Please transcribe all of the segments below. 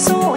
so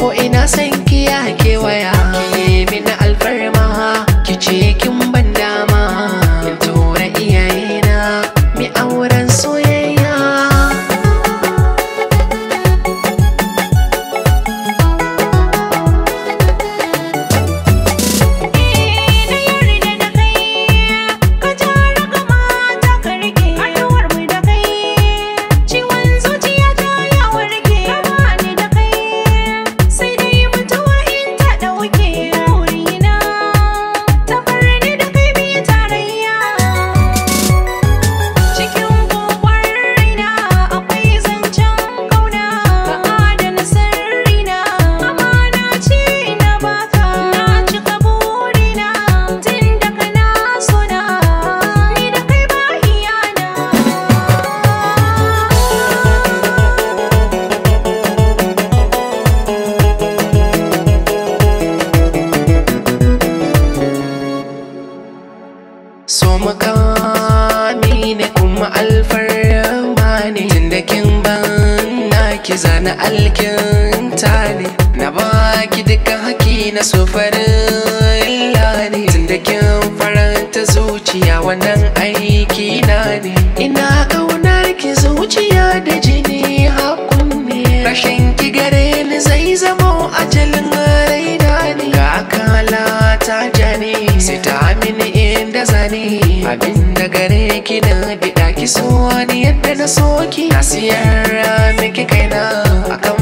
ko ina sai so makami ne kuma alfarma ne tunda kin ban ki zana alkinta ne na baki duka haki na so farin ne tunda kin faranta zuciya wannan aiki na ne ina kaunar ki zuciya da jini hakun ne rashin ki gare ni zai zama ajalin abin da gare ki na bi ki so ni yadda na so ki na siyar miki kaina akan